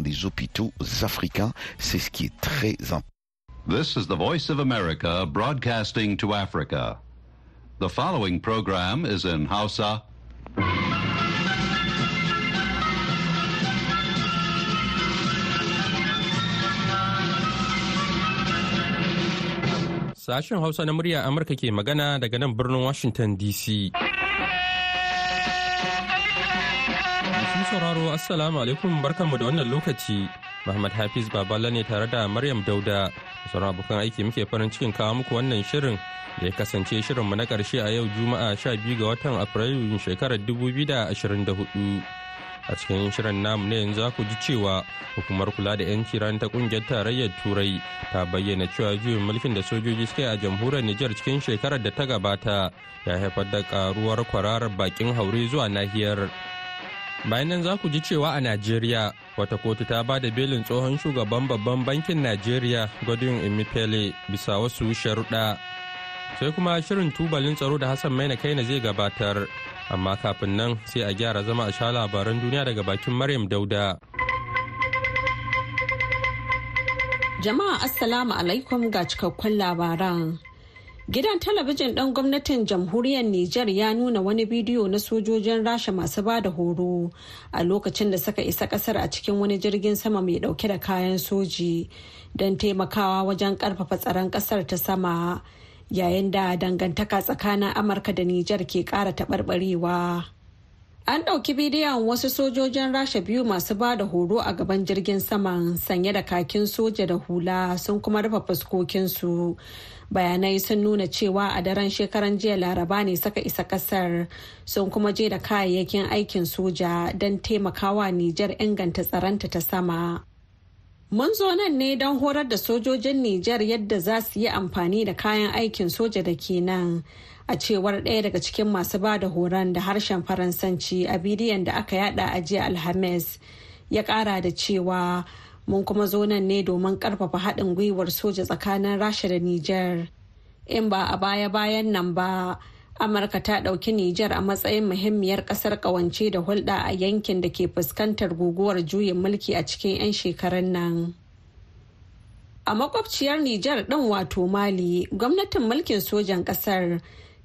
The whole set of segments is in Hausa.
dans des hôpitaux africains. C'est ce qui est très important. This is the Voice of America broadcasting to Africa. The following program is in Hausa. Sashen Hausa na murya Amurka ke magana daga nan birnin Washington DC. Assalamu alaikum barkanmu da wannan lokaci. Muhammad Hafiz babala ne tare da Maryam Dauda. Sauran abokan aiki muke farin cikin kawo muku wannan shirin da ya kasance shirin mu na ƙarshe a yau Juma'a 12 ga watan Afrilu shekarar 2024. A cikin shirin namu ne yanzu ku ji cewa hukumar kula da 'yanci ran ta kungiyar tarayyar Turai ta bayyana cewa juyin mulkin da sojoji suka yi a jamhuriyar Nijar cikin shekarar da ta gabata ya haifar da karuwar kwararar bakin haure zuwa nahiyar. bayan nan za ku ji cewa a najeriya wata kotu ta ba da belin tsohon shugaban babban bankin najeriya godwin emifele bisa wasu sharuɗa sai kuma shirin tubalin tsaro da hassan maina kaina zai gabatar amma kafin nan sai a gyara zama a sha labaran duniya daga bakin maryam dauda jama'a assalamu alaikum ga cikakkun labaran Gidan talabijin ɗan gwamnatin jamhuriyar Nijar ya nuna wani bidiyo na sojojin Rasha masu ba da horo a lokacin da suka isa ƙasar a cikin wani jirgin sama mai ɗauke da kayan soji don taimakawa wajen ƙarfafa tsaron ƙasar ta sama yayin da dangantaka tsakanin Amurka da Nijar ke ƙara taɓarɓarewa. An ɗauki bidiyon wasu sojojin Rasha biyu masu ba da horo a gaban jirgin saman sanye da kakin soja da hula sun kuma rufe fuskokinsu. Bayanai sun nuna cewa a daren shekaran jiya laraba ne saka isa kasar sun kuma je da kayayyakin aikin soja don taimakawa Nijar inganta tsaranta ta sama. Mun zo nan ne don horar da sojojin Nijar yadda za su yi amfani da kayan aikin soja da ke nan. a cewar ɗaya daga cikin masu ba da horon da harshen faransanci a bidiyon da aka yada a jiya alhamis ya ƙara da cewa mun kuma zo nan ne domin ƙarfafa haɗin gwiwar soja tsakanin rasha da niger in ba a baya-bayan nan ba amurka ta ɗauki niger a matsayin muhimmiyar ƙasar ƙawance da hulɗa a yankin da ke fuskantar guguwar juyin mulki a cikin 'yan shekarun nan a makwabciyar niger ɗin wato mali gwamnatin mulkin sojan ƙasar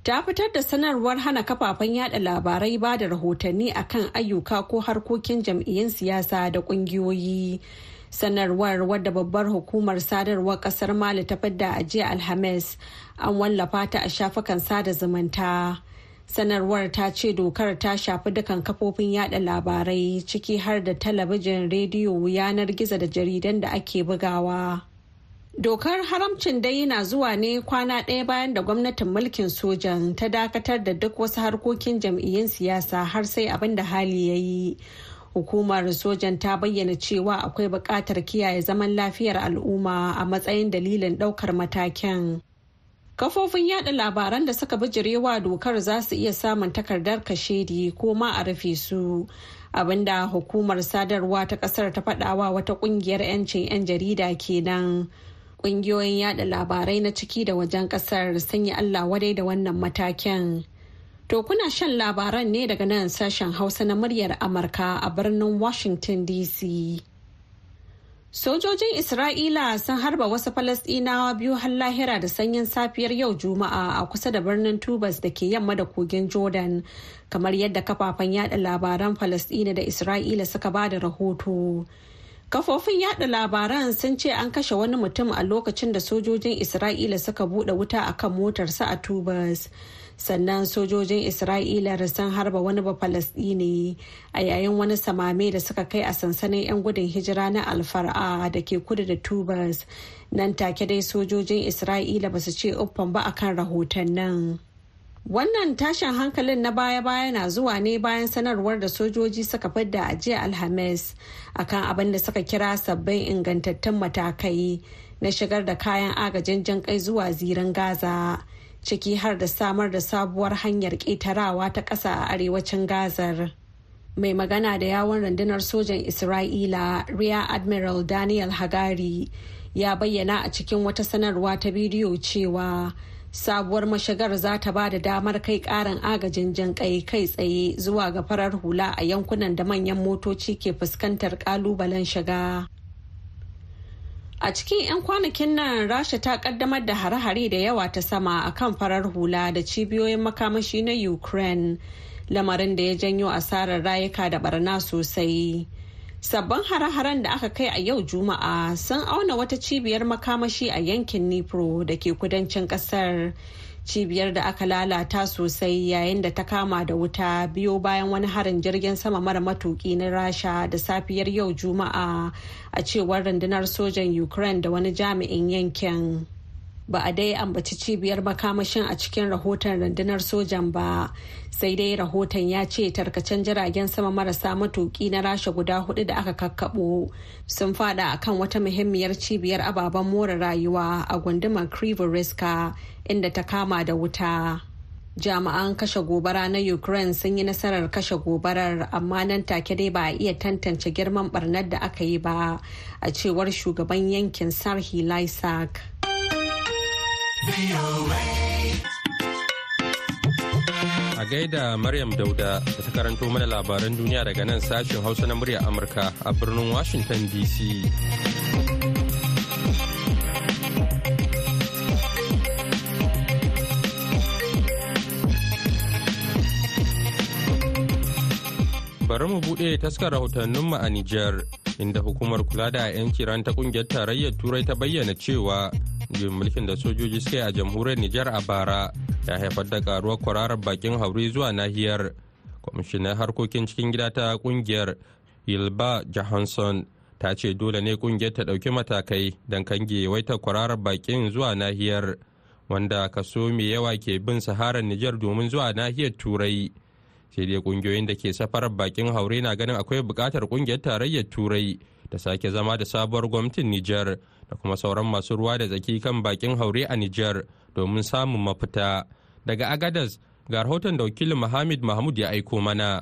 ta fitar da sanarwar hana kafafen yada labarai ba da rahotanni akan ayyuka ko harkokin jam'iyyun siyasa da kungiyoyi sanarwar wadda babbar hukumar sadarwar kasar mali ta fadda a jiya alhamis an wallafa ta a shafukan sada zumunta sanarwar ta ce dokar ta shafi dukan kafofin yada labarai ciki har da talabijin rediyo yanar gizo da jaridan da ake bugawa Dokar haramcin dai na zuwa ne kwana ɗaya bayan da gwamnatin mulkin sojan ta dakatar da duk wasu harkokin jam'iyyun siyasa har sai abin da hali ya yi. Hukumar sojan ta bayyana cewa akwai buƙatar kiyaye zaman lafiyar al'umma a matsayin dalilin ɗaukar mataken. Kafofin yada labaran da suka bijirewa dokar za su iya samun takardar kashedi ko ma a rufe su. Abinda hukumar sadarwa ta ƙasar ta faɗawa wata ƙungiyar 'yancin 'yan jarida kenan. Ƙungiyoyin yada labarai na ciki da wajen ƙasar sun yi Allah wadai da wannan matakin. To kuna shan labaran ne daga nan sashen Hausa na muryar Amurka a birnin Washington DC. Sojojin Isra'ila sun harba wasu Falasɗinawa biyu har lahira da sanyin safiyar yau Juma'a a kusa da birnin Tubas da ke yamma da kogin Jordan, kamar yadda kafafen yada labaran Falasɗina da Isra'ila suka ba da rahoto. Kafofin yaɗa labaran sun ce an kashe wani mutum a lokacin da sojojin Isra'ila suka bude wuta kan motarsa a Tubas. Sannan sojojin Isra'ila sun harba wani Bafalasɗini a yayin wani samame da suka kai a sansanin 'yan gudun hijira na Alfar'a da ke kudu da Tubas. Nan take dai sojojin Isra'ila ba su ce uffan ba akan rahoton nan. Wannan tashin hankalin na baya-baya na zuwa ne bayan sanarwar da sojoji suka fidda a jiya Alhamis akan abin da suka kira sabbin ingantattun matakai na shigar da kayan agajin jan kai zuwa zirin Gaza, ciki har da samar da sabuwar hanyar ƙetarawa ta ƙasa a arewacin Gazar. Mai magana da yawon rundunar sojan Isra'ila, Rear Admiral Daniel Hagari, ya bayyana a cikin wata sanarwa ta bidiyo cewa sabuwar mashigar za ta ba da damar kai karin agajin jan kai kai tsaye zuwa ga farar hula a yankunan da manyan motoci ke fuskantar kalubalen shiga a cikin 'yan kwanakin nan rasha ta kaddamar da hare-hare da yawa ta sama a kan farar hula da cibiyoyin makamashi na ukraine lamarin da ya janyo asarar rayuka da barna sosai Sabbin hare-haren da aka kai a yau Juma'a sun auna wata cibiyar makamashi a yankin Nipro da ke kudancin kasar. Cibiyar da aka lalata sosai yayin da ta kama da wuta biyo bayan wani harin jirgin sama mara matuki na Rasha da safiyar yau Juma'a a cewar rundunar sojan Ukraine da wani jami'in yankin. ba a dai ambaci cibiyar makamashin a cikin rahoton rundunar sojan ba sai dai rahoton ya ce tarkacen jiragen sama marasa matuki na rasha guda hudu da aka kakkabo sun fada akan wata muhimmiyar cibiyar ababen more rayuwa a gundumar krivoriska inda ta kama da wuta jami'an kashe gobara na ukraine sun yi nasarar kashe gobarar amma nan take dai ba a iya tantance girman barnar da aka yi ba a cewar shugaban yankin sarhi lysak A gaida Maryam Dauda da ta karanto mana labaran duniya daga nan sashen Hausa na murya Amurka a birnin Washington DC. bari mu buɗe taskar mu a Nijar, inda hukumar kula da 'yan kiran ta ƙungiyar tarayyar Turai ta bayyana cewa jin mulkin da sojoji suka yi a jamhuriyar Nijar a bara ya haifar da karuwar kwararar bakin haure zuwa nahiyar. Kwamishinan harkokin cikin gida ta kungiyar Yilba Johansson ta ce dole ne kungiyar ta ɗauki matakai don kange waita kwararar bakin zuwa nahiyar wanda kaso mai yawa ke bin saharar Nijar domin zuwa nahiyar Turai. Sai dai kungiyoyin da ke safarar bakin haure na ganin akwai bukatar kungiyar tarayyar Turai ta sake zama da sabuwar gwamnatin Nijar da kuma sauran masu ruwa da tsaki kan bakin haure a Nijar domin samun mafita. Daga Agadas ga rahoton da wakilin Muhammad Mahmud ya aiko mana.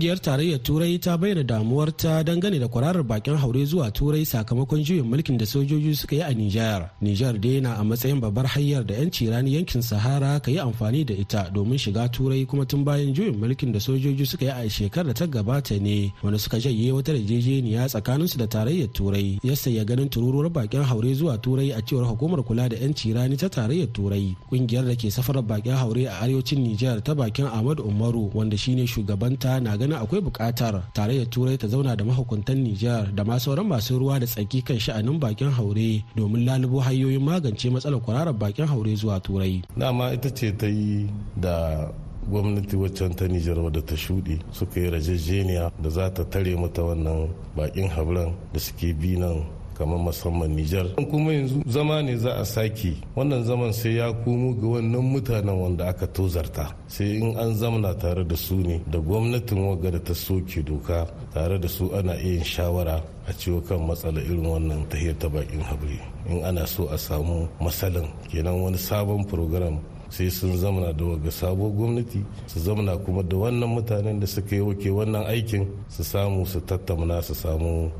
Kungiyar tarayyar Turai ta bayyana damuwarta dangane da kwararar bakin haure zuwa Turai sakamakon juyin mulkin da sojoji suka yi a Nijar. Nijar dai na a matsayin babbar hanyar da 'yanci rani yankin Sahara ka yi amfani da ita domin shiga Turai kuma tun bayan juyin mulkin da sojoji suka yi a shekarar da ta gabata ne wanda suka janye wata yarjejeniya su da tarayyar Turai ya saya ganin tururuwar bakin haure zuwa Turai a cewar hukumar kula da 'yanci rani ta tarayyar Turai. Kungiyar da ke safarar bakin haure a arewacin Nijar ta bakin Ahmad Umaru wanda shine shugabanta na gani ganin akwai bukatar da turai ta zauna da mahukuntan Nijar da ma sauran masu ruwa da tsaki kan sha'anin bakin haure domin lalubo hanyoyin magance matsalar kwararar bakin haure zuwa turai. Dama ita ce ta yi da gwamnati waccan ta Nijar wadda ta shuɗe suka yi rajajeniya da za ta tare mata wannan bakin hauren da suke bi nan kamar musamman Nijar. Kuma yanzu zama ne za a sake wannan zaman sai ya komo ga wannan mutanen wanda aka tozarta sai in an zamana tare da su ne da gwamnatin waga da ta soke doka tare da su ana iya shawara a ciwo kan matsala irin wannan tahiyar ta bakin habri in ana so a samu masalan kenan wani sabon program sai sun zamana da waga sabo gwamnati su zamana kuma da wannan mutanen da suka yi wake wannan aikin su samu su tattauna su samu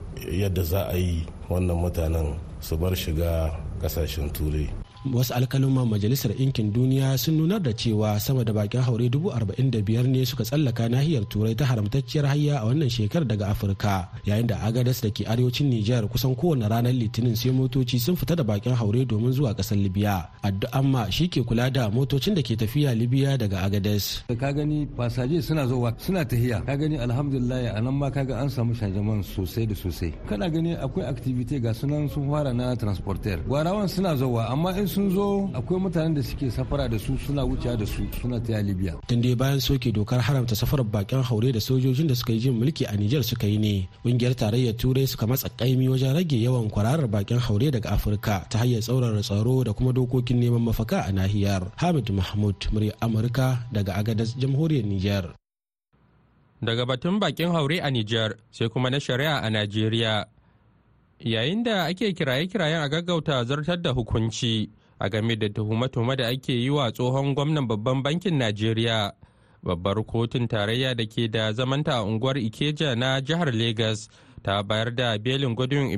yadda za a yi wannan mutanen su bar shiga kasashen turai wasu alkaluman majalisar inkin duniya sun nunar da cewa sama da bakin haure dubu arba'in da biyar ne suka tsallaka nahiyar turai ta haramtacciyar hayya a wannan shekarar daga afirka yayin da agadas da ke arewacin nijar kusan kowane ranar litinin sai motoci sun fita da bakin haure domin zuwa kasar libya addu'amma shi ke kula da motocin da ke tafiya libya daga agadas. ka gani fasaje suna zuwa suna tahiya ka gani alhamdulillah a nan ma ga an samu shajaman sosai da sosai kana gani akwai activity ga sunan sun fara na transporter gwarawan suna zuwa amma in sun zo akwai mutanen da suke safara da su suna wucewa da su suna ta libya tun dai bayan soke dokar haramta safarar bakin haure da sojojin da suka yi jin mulki a niger suka yi ne ƙungiyar tarayyar turai suka matsa kaimi wajen rage yawan kwararar bakin haure daga afirka ta hanyar tsaurara tsaro da kuma dokokin neman mafaka a nahiyar hamid mahmud murya amurka daga agadas jamhuriyar niger daga batun bakin haure a niger sai kuma na shari'a a najeriya yayin da ake kiraye-kirayen a gaggauta zartar da hukunci a game da tuhume-tuhume da ake yi wa tsohon gwamnan babban bankin najeriya babbar kotun tarayya da ke da zamanta a unguwar ikeja na jihar lagos ta bayar da belin gudun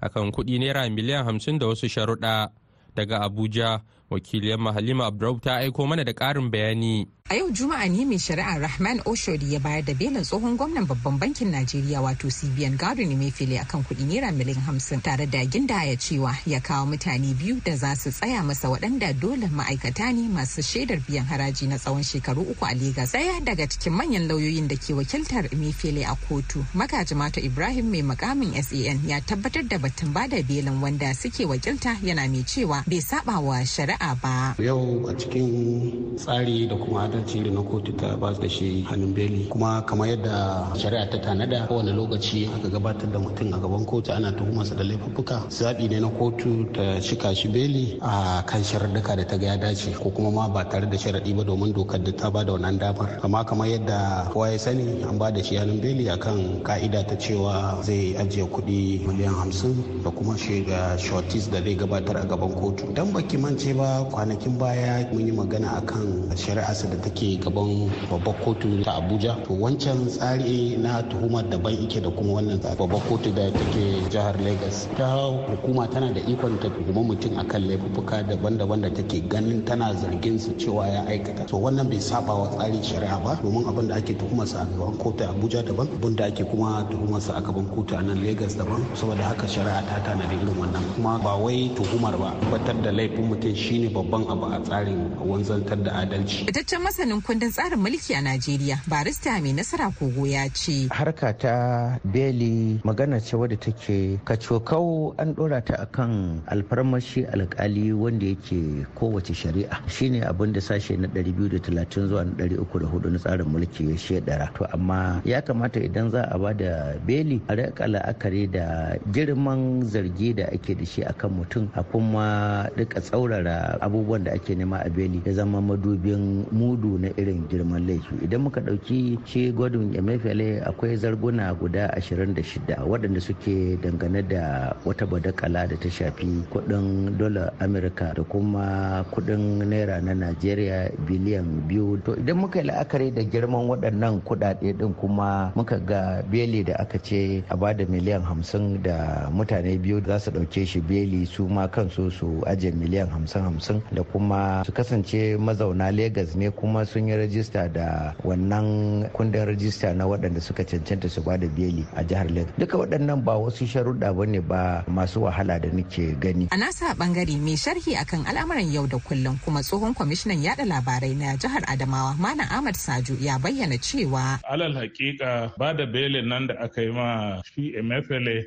a kan kudi naira miliyan hamsin da wasu sharuɗa daga abuja wakiliyar mahalima abdurrahman ta aiko mana da karin bayani A yau Juma'a ne mai shari'a Rahman Oshodi ya bayar da belin tsohon gwamnan babban bankin Najeriya wato CBN Gado fili akan kuɗi naira miliyan hamsin tare da ginda ya cewa ya kawo mutane biyu da za su tsaya masa waɗanda dole ma'aikata ne masu shaidar biyan haraji na tsawon shekaru uku a Legas. Ɗaya daga cikin manyan lauyoyin da ke wakiltar Emefile a kotu, magaji mata Ibrahim mai makamin SAN ya tabbatar da batun bada belin wanda suke wakilta yana mai cewa bai saba wa shari'a shari'a ba. Yau a cikin tsari da kuma adalci da na kotu ta ba da shi hannun beli kuma kamar yadda shari'a ta tanada kowane lokaci aka gabatar da mutum a gaban kotu ana tuhumarsa da laifuffuka zaɓi ne na kotu ta shika shi beli a kan sharaɗuka da ta ga ya dace ko kuma ma ba tare da sharaɗi ba domin dokar da ta ba da wannan damar amma kamar yadda kowa ya sani an ba da shi hannun beli akan ka'ida ta cewa zai ajiye kuɗi miliyan hamsin da kuma shiga shortis da zai gabatar a gaban kotu dan baki mance ba cewa kwanakin baya mun yi magana akan shari'arsa da take gaban babbar kotu ta abuja to wancan tsari na tuhumar daban ike da kuma wannan babbar kotu da take jihar Legas. ta hukuma tana da ikon ta tuhuma mutum akan laifuka daban-daban da take ganin tana zargin su cewa ya aikata to wannan bai saba wa tsarin shari'a ba domin abin da ake tuhumar sa a gaban kotu a abuja daban abin da ake kuma tuhumarsa sa a gaban kotu a nan lagos daban saboda haka shari'a ta tanadi irin wannan kuma ba wai tuhumar ba tabbatar da laifin mutum shi shine babban abu a tsarin wanzantar da adalci. Fitaccen masanin kundin tsarin mulki a Najeriya barista mai nasara kogo ya ce. Harka ta beli magana ce wadda take kacokau an dora ta akan alfarmashi alkali wanda yake kowace shari'a shine abin da sashe na 230 zuwa na 304 na tsarin mulki ya shedara to amma ya kamata idan za a ba da beli a riƙa la'akari da girman zargi da ake da shi akan mutum a kuma duka tsaurara abubuwan da ake nema a beli ya zama madubin mudu na irin girman laifi idan muka ɗauki shi gwadun emefiele akwai zarguna guda 26 waɗanda suke dangane da wata badakala da ta shafi kuɗin dola amurka da kuma kudin naira na najeriya biliyan biyu to idan muka yi la'akari da girman waɗannan kuɗaɗe din kuma muka ga beli da aka ce a bada miliyan hamsin da mutane biyu za su ɗauke shi beli su ma kansu su ajiye miliyan hamsin hamsin da kuma su kasance mazauna Legas ne kuma sun yi rajista da wannan kundin rajista na waɗanda suka cancanta su bada beli a jihar Legas. Duka waɗannan ba wasu sharuɗa ba ne ba masu wahala da nake gani. A nasa bangare mai sharhi akan al'amuran yau da kullum kuma tsohon kwamishinan yada labarai na jihar Adamawa mana Ahmad Saju ya bayyana cewa. Alal hakika ba da belin nan da aka yi ma shi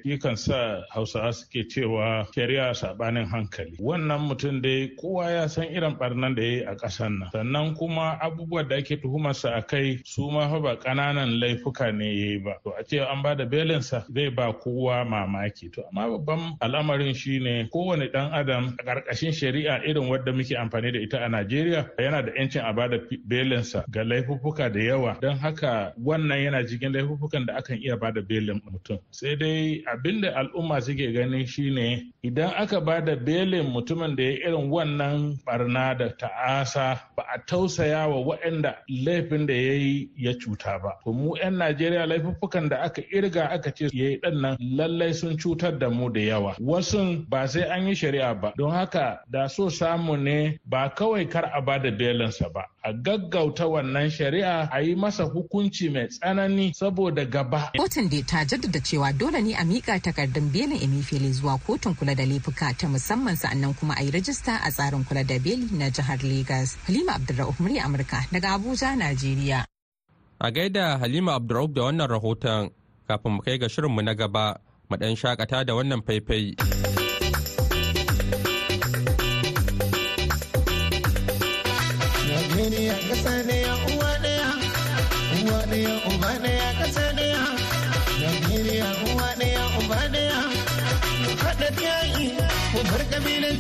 yakan sa hausawa suke cewa shari'a sabanin hankali. Wannan mutum dai kowa ya san irin barnan da ya yi a ƙasar nan sannan kuma abubuwan da ake tuhumarsa a kai su ma fa ba ƙananan laifuka ne ya yi ba to a ce an ba da belinsa zai ba kowa mamaki to amma babban al'amarin shine kowane ɗan adam a ƙarƙashin shari'a irin wadda muke amfani da ita a Najeriya yana da 'yancin a bada belinsa ga laifuka da yawa don haka wannan yana cikin laifukan da akan iya bada belin mutum sai dai abinda al'umma suke ganin shine idan aka ba da belin mutumin da ya irin wannan waɗannan barna da ta'asa ba a tausaya wa waɗanda laifin da ya yi ya cuta ba. To mu 'yan Najeriya laifuffukan da aka irga aka ce ya yi ɗannan lallai sun cutar da mu da yawa. Wasun ba sai an yi shari'a ba. Don haka da so samu ne ba kawai kar a ba da belinsa ba. A gaggauta wannan shari'a a yi masa hukunci mai tsanani saboda gaba. Kotun da ta jaddada cewa dole ne a miƙa takardun belin Emefiele zuwa kotun kula da laifuka ta musamman sa'annan kuma a yi rajista a a tsarin kula da beli na jihar Legas. Halima Abdulrahman murya Amurka daga Abuja, Najeriya. A gaida Halima Abdulrahman da wannan rahoton kafin mu kai ga shirin mu na gaba mu ɗan shakata da wannan faifai. Najeriya ƙasa ya uwa ɗaya, uwa ɗaya uba ɗaya ƙasa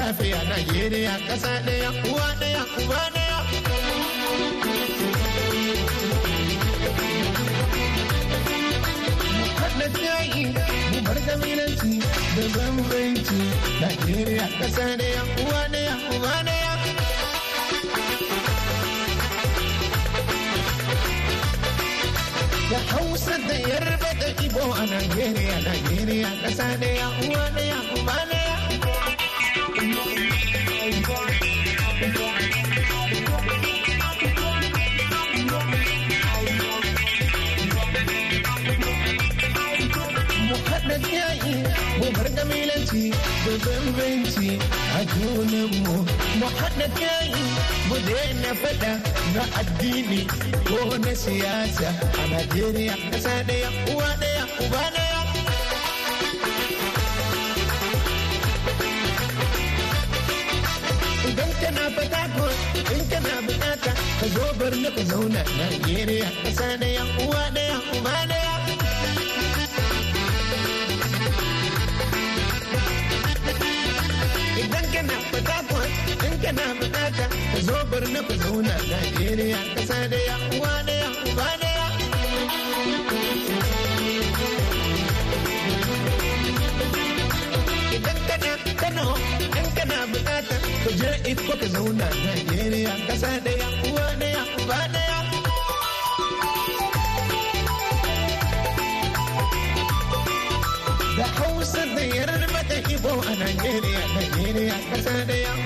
lafiya Najeriya ƙasa ɗaya uwa ɗaya uba ɗaya. Haɗa jayi mu bar kabilanci da bambanci Najeriya ƙasa ɗaya uwa ɗaya uba ɗaya. Da Hausa da Yarba da Ibo a Najeriya, Najeriya ƙasa ɗaya uwa ɗaya uba ɗaya. da bambanci a junanmu mu haɗa kai mu daina faɗa na addini ko na siyasa a Najeriya ƙasa ɗaya uwa ɗaya uba ɗaya. Idan kana fata ko in kana bukata ka zo bar na ka zauna Najeriya ƙasa ɗaya uwa ɗaya uba ɗaya. ana bukata ku zo birni ku zauna Najeriya kasa da ya uwa da ya uba da ya. Idan kana Kano in kana bukata ku je Ikko ku zauna Najeriya kasa da ya uwa da ya uba da ya. Da Hausa da Yarba da Ibo a Najeriya, Najeriya kasa da ya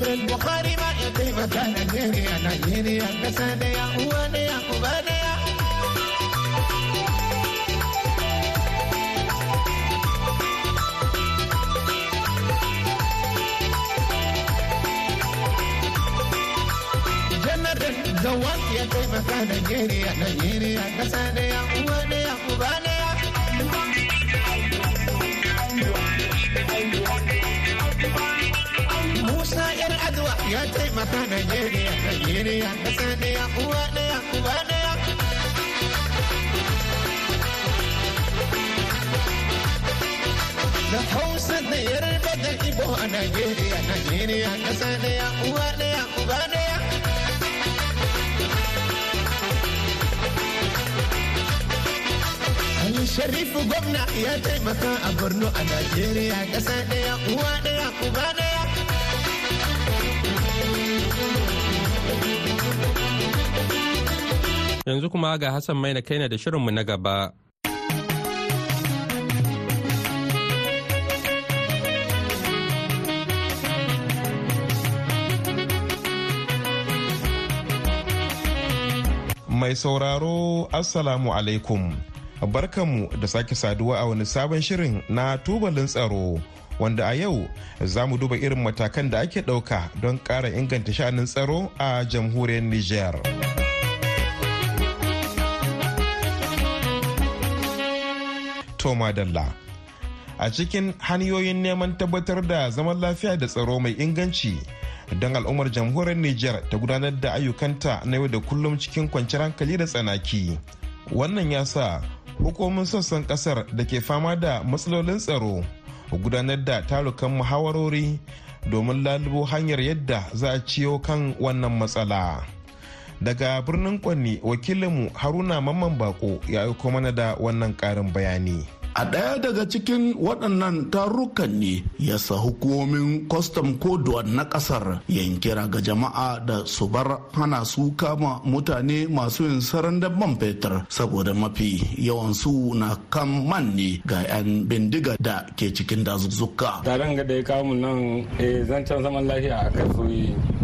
jirar Bukhari ma ya taimaka Najeriya, Najeriya kasa daya, uwa daya, uba daya. Zawad ya taimaka Najeriya, Najeriya kasa daya, uwa daya, uba daya. ya taimaka Najeriya, Najeriya, ƙasa ɗaya, uwa ɗaya, uba ɗaya. Da Hausa da Yarba da Ibo a Najeriya, Najeriya, ƙasa ɗaya, uwa ɗaya, uba ɗaya. Ali Sharifu gwamna ya taimaka a Borno a Najeriya, ƙasa ɗaya, uwa ɗaya, uba ɗaya. Yanzu kuma ga Hassan Maina na da shirinmu na gaba. Mai sauraro Assalamu alaikum. Barkanmu da sake saduwa a wani sabon shirin na tubalin tsaro wanda a yau za mu duba irin matakan da ake ɗauka don ƙara inganta sha'anin tsaro a jamhuriyar Nijar. Toma Dalla. A cikin hanyoyin neman tabbatar da zaman lafiya da tsaro mai inganci don al'ummar jamhuriyar Nijar ta gudanar da ayyukanta na yau da kullum cikin kwanciyar hankali da tsanaki. Wannan ya sa hukumomin sassan kasar da ke fama da matsalolin tsaro gudanar da tarukan muhawarori domin lalubo hanyar yadda za a ciyo kan wannan matsala. daga birnin kwanni wakilinmu haruna mamman bako ya aiko mana da wannan karin bayani a ɗaya daga cikin waɗannan tarukan ne ya sa hukumomin kwastam koduwa na ƙasar yankira ga jama'a da su bar hana su kama mutane masu yin sarandar dabban fetur saboda mafi yawan su na kan man ne ga 'yan bindiga da ke cikin dazuzzuka ga da ya kamu nan eh, zancen zaman lafiya a kai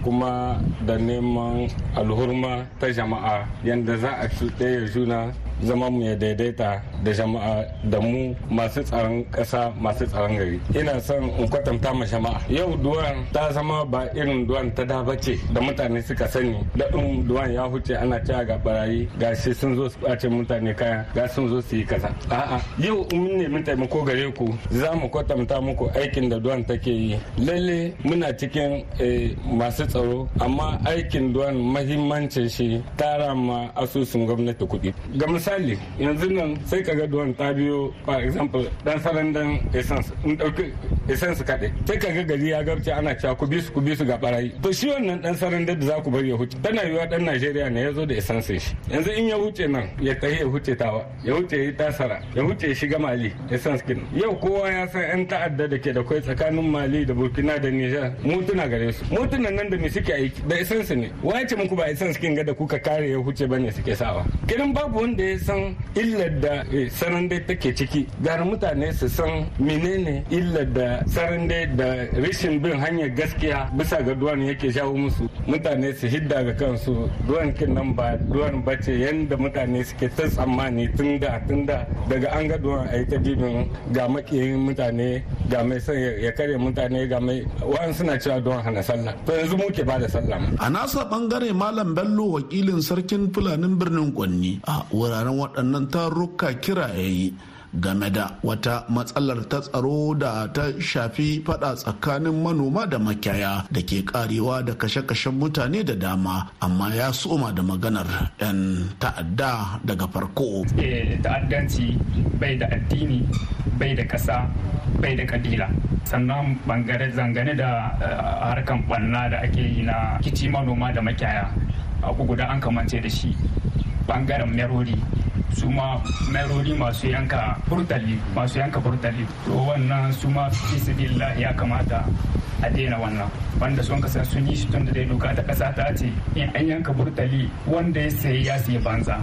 kuma da neman alhurma ta jama'a yadda za a ya juna zama mu ya daidaita da jama'a da mu masu tsaron ƙasa masu tsaron gari ina son in kwatanta ma jama'a yau duwan ta zama ba irin duwan ta da bace da mutane suka sani da in duwan ya huce ana cewa ga barayi ga shi sun zo su ɓace mutane kaya ga sun zo su yi kaza a'a yau mun nemi taimako gare ku za mu kwatanta muku aikin da duwan take yi lalle muna cikin eh, masu tsaro amma aikin duwan mahimmancin shi tara ma asusun gwamnati kuɗi misali yanzu nan sai ka ga duwan ta biyo for example dan sarandan essence in dauki essence kaɗai sai ka ga gari ya gabce ana cewa ku bi su ku bi su ga barayi to shi wannan dan sarandan da za ku bari ya huce tana yiwa dan Najeriya ne ya zo da essence shi yanzu in ya huce nan ya tahi ya huce tawa ya huce ya tasara ya huce ya shiga Mali essence kin yau kowa ya san yan ta'adda da ke da kai tsakanin Mali da Burkina da Niger tuna gare su tuna nan da me suke aiki da essence ne wace muku ba essence kin ga da kuka kare ya huce bane suke sawa kirin babu wanda san illar da eh, sarande take ciki gara mutane su san menene illar da sarande da rashin bin hanyar gaskiya bisa ga duwan yake shawo musu mutane su hidda ga kansu duwan kin nan ba duwan bace yanda mutane suke ta tsammani tun da tun da daga an ga duwan a yi ta bibin ga makiyin mutane ga mai son ya kare mutane ga mai wa'an suna cewa duwan hana sallah to yanzu muke ba da sallah a nasa bangare malam bello wakilin sarkin fulanin birnin kwanni a wuraren taron waɗannan tarurruka kira ya yi game da wata matsalar ta tsaro da ta shafi fada tsakanin manoma da makiyaya da ke karewa da kashe-kashen mutane da dama amma ya soma da maganar 'yan ta'adda daga farko. Eh, ta'addanci bai da addini bai da ƙasa bai da kabila sannan bangare zangane da eh, harkan banna da ake yi na kici manoma da makiyaya a guda an kamance da shi bangaren merori su ma merori masu yanka burtali masu yanka burtali to wannan su ma fisibillah ya kamata a daina wannan wanda sun kasa sun yi shi tun da dai doka ta kasa ta ce in an yanka burtali wanda ya sayi ya sayi banza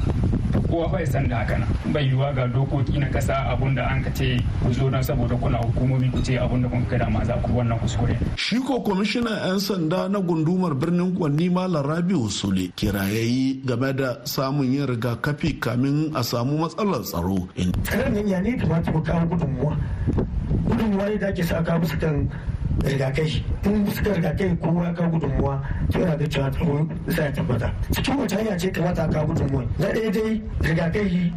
kowa bai san da haka bai yiwa ga dokoki na kasa abun da an ka ce ku zo don saboda kuna hukumomi ku ce abun da kun kai dama za ku wannan kuskure. shi ko kwamishinan 'yan sanda na gundumar birnin kwanni malam rabiu sule kirayayi game da samun yin rigakafi kamin a samu matsalar tsaro. Tsaron nan ya ne kamata mu kawo gudunmuwa. Gudunmuwa ne da ake sa kawo musu kan rigakai in suka rigakai kowa ka gudunmuwa to yana da cewa tsaro zai tabbata cikin wata hanya ce kamata ka gudunmuwa na ɗaya dai rigakai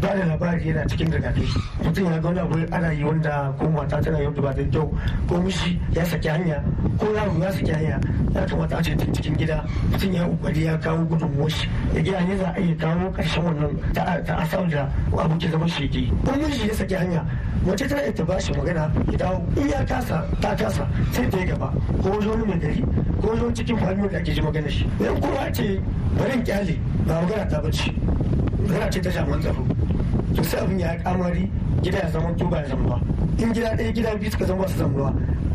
ba da labari yana cikin rigakafi mutum ya ga wani abu ana yi wanda ko mata tana yi wanda ba da kyau ko mishi ya saki hanya ko yaro ya saki hanya ya kamata a ce cikin gida mutum ya kokari ya kawo gudun shi ya gina ne za a iya kawo karshen wannan ta asar da abu ke shi yake ko mishi ya saki hanya wace tana ita ta bashi magana ya dawo in ya kasa ta kasa sai ta yi gaba ko wani mai gari ko wani cikin fahimtar da ake ji magana shi yan kowa ce barin kyale ba magana ta bace magana ce ta shaman tsaro sai abin ya kamari gida ya zama to ba ya zama in gida ɗaya gida biyu suka zama su zama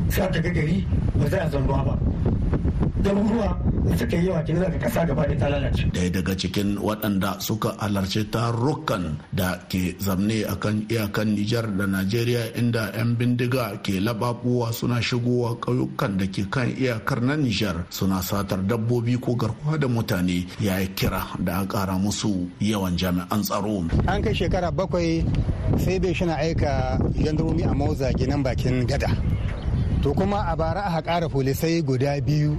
sai ta ga gari ba za a zama ba garuruwa da suka yi yawa kenan da kasa gaba da ta lalace. Daya daga cikin waɗanda suka halarci tarukan da ke zamne akan iyakan Nijar da Najeriya inda 'yan bindiga ke lababuwa suna shigowa ƙauyukan da ke kan iyakar na Nijar suna satar dabbobi ko garkuwa da mutane ya yi kira da a ƙara musu yawan jami'an tsaro. An kai shekara bakwai sai bai shi aika jandarmomi a mauza ginin bakin gada. to kuma a bara aka kara polisai guda biyu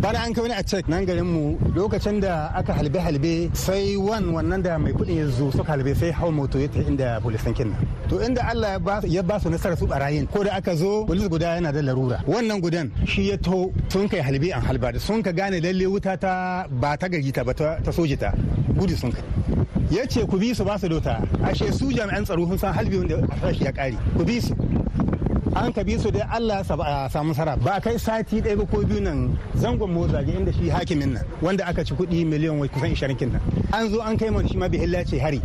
bana an kai ne a check nan garin mu lokacin da aka halbe halbe sai wan wannan da mai kudin ya zo suka halbe sai hau moto ya tafi inda polisan kinna to inda Allah ya ba su nasara su barayin ko da aka zo polis guda yana da larura wannan gudan shi ya to sun kai halbe an halba da sun ka gane lalle wuta ta ba ta gari ta ba ta soji ta gudu sun kai ya ce ku bi su ba su dota ashe su jami'an tsaro sun san halbe wanda a ya kare ku bi su an ka bi su dai Allah ya samu sara ba kai sati ɗaya ko biyu nan zangon mozaje inda shi hakimin nan wanda aka ci kuɗi miliyan wai kusan 20 kin nan an zo an kai mana shi ma bi ce hari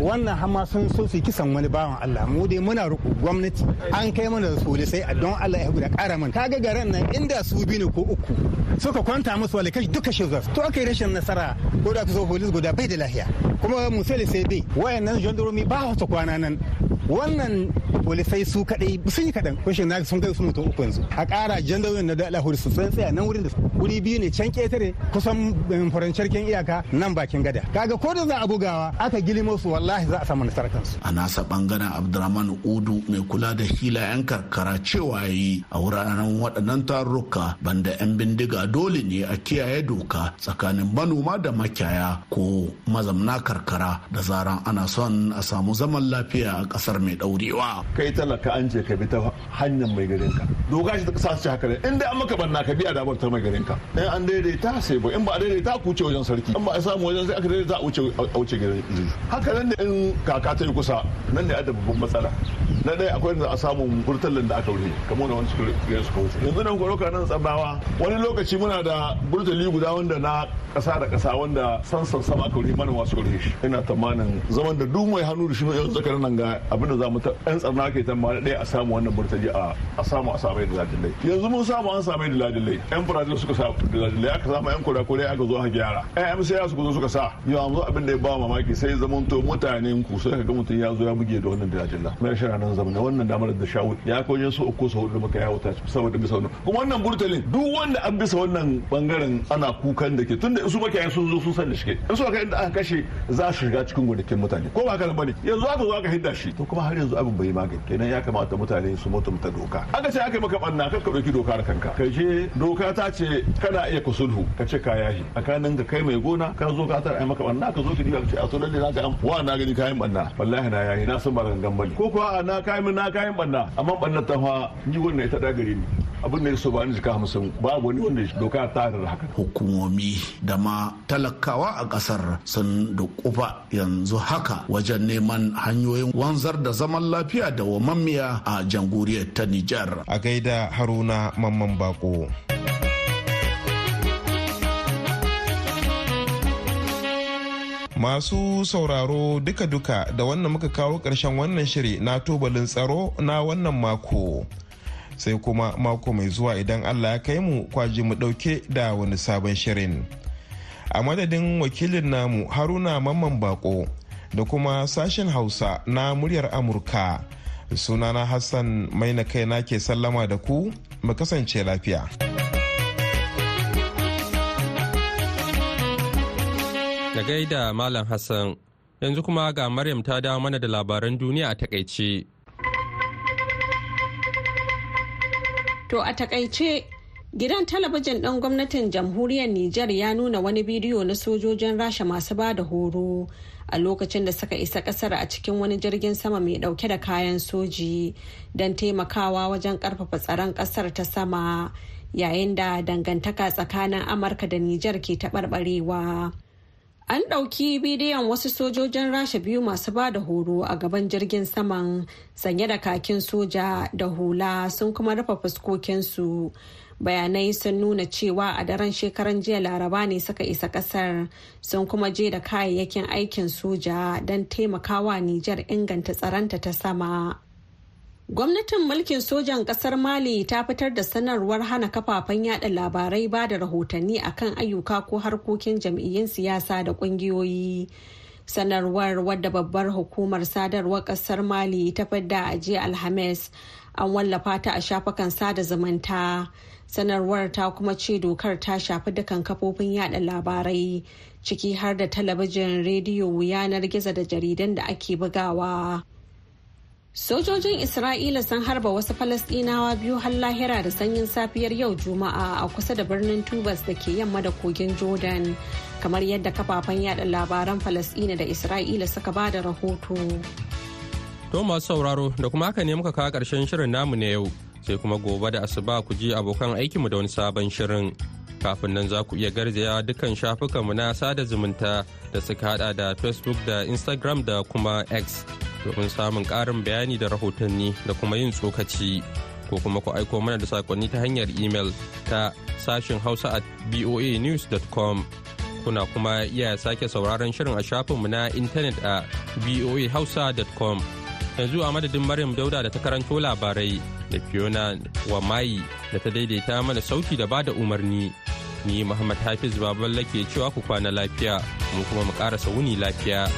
wannan hama sun so su kisan wani bawan Allah mu dai muna roƙo gwamnati an kai mana da sole sai a don Allah ya guda ƙara mana kaga garan nan inda su bi ne ko uku suka kwanta musu wale kai duka shi zuwa to aka rashin nasara ko da zo police guda bai da lahiya kuma musali sai bai wayannan jandromi ba su kwana nan wannan sai su kadai sun yi kadan rashin na sun kai su mutum uku yanzu a kara jandarorin na da lahori su tsantsaya nan wurin da wuri biyu ne can ketare kusan eh, farancar iyaka nan bakin gada kaga ko da za a bugawa aka gilimo su wallahi za a samu nasarar kansu a nasa bangaren abdurrahman udu mai kula da hila yan karkara cewa yi a wuraren waɗannan tarurruka banda yan bindiga dole ne a kiyaye doka tsakanin manoma da makiyaya ko mazamna karkara da zaran ana son a samu zaman lafiya a ƙasar mai ɗaurewa kai talaka an ce ka bi ta hanyar mai garin ka doka shi ta ƙasa ce haka ne inda an maka banna ka bi a dabar ta mai garin daidaita in eh, an daidaita sai ba in ba a daidaita ku ce wajen sarki in ba a samu wajen sai aka daidaita a wuce a wuce gari. haka nan ne in kaka ta yi kusa nan ne a da babban matsala na ɗaya akwai da a samu burtallan da aka wuce kamar da wani suka suka wuce yanzu nan kwaro nan tsabawa wani lokaci muna da burtali guda wanda na ƙasa da ƙasa wanda sansan sama aka wuce mana wasu wuri shi ina tamanin zaman da duk mai hannu da shi yanzu zaka nan ga abinda za mu ta ɗan tsarna kai ta mara ɗaya a samu wannan burtali a samu a samai da ladilai yanzu mun samu an samai da ladilai yan brazil suka da aka samu yan kurakurai aka zo aka gyara ƴaƴan sai ya su zo suka sa yanzu abin da ya ba mamaki sai zaman to mutane ku sai kaga mutum ya zo ya buge da wannan dilajilla mai shara nan zaman wannan damar da ya su uku muka saboda bisa wannan kuma wannan burtalin duk wanda an bisa wannan bangaren ana kukan da ke tunda su sun zo sun san da shi in su aka inda aka kashe za su shiga cikin gonakin mutane ko ba haka bane yanzu aka zo aka hidda shi to kuma har yanzu abin bai magani kenan ya kamata mutane su mutunta doka aka ce aka yi maka banna kar ka dauki doka da kanka kai je doka ta ce kana iya ku sulhu ka ce ka yahi kanin ka kai mai gona ka zo ka tara ai maka banna ka zo ki diga ka ce a sunan da na an wa na gani kayan banna wallahi na yahi na san ba gangan bane ko a na kayan na kayan banna amma banna ta fa ni wannan ita da gari ne abin da ya so ba ni jika hamsin babu wani wanda doka ta da haka. Hukumomi da ma talakawa a kasar sun dukufa yanzu haka wajen neman hanyoyin wanzar da zaman lafiya da wa wamammiya a jamhuriyar ta Nijar. A gaida Haruna Mamman Bako. Masu sauraro duka-duka da wannan muka kawo ƙarshen wannan shiri na tubalin tsaro na wannan mako. Sai kuma mako mai zuwa idan Allah ya kai mu kwaji mu ɗauke da wani sabon shirin. A madadin wakilin namu Haruna Mamman Bako da kuma sashen Hausa na muryar Amurka. Sunana Hassan maina na ke sallama da ku, mu kasance lafiya. Da gaida Malam Hassan, yanzu kuma ga Maryam ta dawo mana da labaran duniya a takaice. To a takaice, gidan talabijin ɗan gwamnatin jamhuriyar Nijar ya nuna wani bidiyo na sojojin rasha masu ba da horo a lokacin da suka isa ƙasar a cikin wani jirgin sama mai ɗauke da kayan soji don taimakawa wajen ƙarfafa tsaron ƙasar ta sama yayin da dangantaka tsakanin Amurka da Nijar ke taɓarɓarewa. An ɗauki bidiyon wasu sojojin rasha biyu masu ba da horo a gaban jirgin saman sanye da kakin soja da hula sun kuma rufe fuskokinsu. Bayanai sun nuna cewa a daren shekaran jiya laraba ne suka isa ƙasar sun kuma je da kayayyakin aikin soja don taimakawa Nijar inganta tsaronta ta sama. Gwamnatin mulkin sojan ƙasar Mali ta fitar da sanarwar hana kafafen yada labarai ba da rahotanni akan ayyuka ko harkokin jam'iyyun siyasa da ƙungiyoyi. Sanarwar wadda babbar hukumar sadarwar ƙasar Mali ta fidda a jiya Alhamis an wallafa ta a shafukan sada zumunta. Sanarwar ta kuma ce dokar ta shafi dukan kafofin yada labarai ciki har da talabijin, rediyo, yanar gizo da jaridan da ake bugawa. Sojojin Isra'ila sun harba wasu Falasɗinawa biyu har lahira da sanyin safiyar yau Juma'a a kusa da birnin Tubas da ke yamma da kogin Jordan, kamar yadda kafafen yada labaran Falasɗina da Isra'ila suka ba da rahoto. To masu sauraro da kuma haka ne muka kawo karshen shirin namu na yau sai kuma gobe da asuba ku ji abokan aikinmu da wani sabon shirin. Kafin nan za ku iya garzaya dukkan shafukanmu na sada zumunta da suka hada da Facebook da Instagram da kuma X domin samun ƙarin bayani da rahotanni da kuma yin tsokaci ko kuma ku aiko mana da sakonni ta hanyar imel ta sashin hausa at boanews.com kuna kuma iya sake sauraron shirin a shafinmu na intanet a boahausa.com yanzu a madadin maryam dauda da ta karanto labarai da fiona wa mayi da ta daidaita mana sauki da bada umarni ni muhammad hafiz babban ke cewa ku kwana lafiya mu kuma mu ƙarasa wuni lafiya.